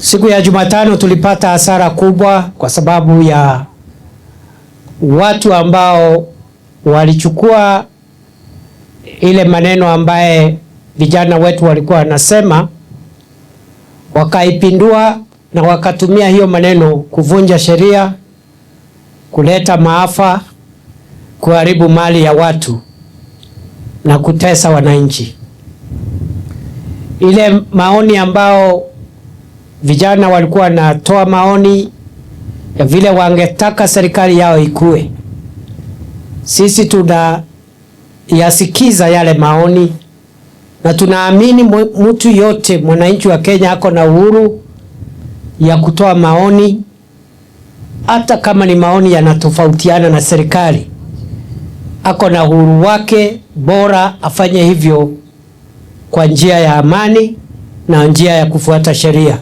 Siku ya Jumatano tulipata hasara kubwa kwa sababu ya watu ambao walichukua ile maneno ambaye vijana wetu walikuwa wanasema, wakaipindua na wakatumia hiyo maneno kuvunja sheria, kuleta maafa, kuharibu mali ya watu na kutesa wananchi. Ile maoni ambao vijana walikuwa wanatoa maoni ya vile wangetaka serikali yao ikue. Sisi tunayasikiza yale maoni na tunaamini mtu yote mwananchi wa Kenya ako na uhuru ya kutoa maoni, hata kama ni maoni yanatofautiana na serikali, ako na uhuru wake, bora afanye hivyo kwa njia ya amani na njia ya kufuata sheria.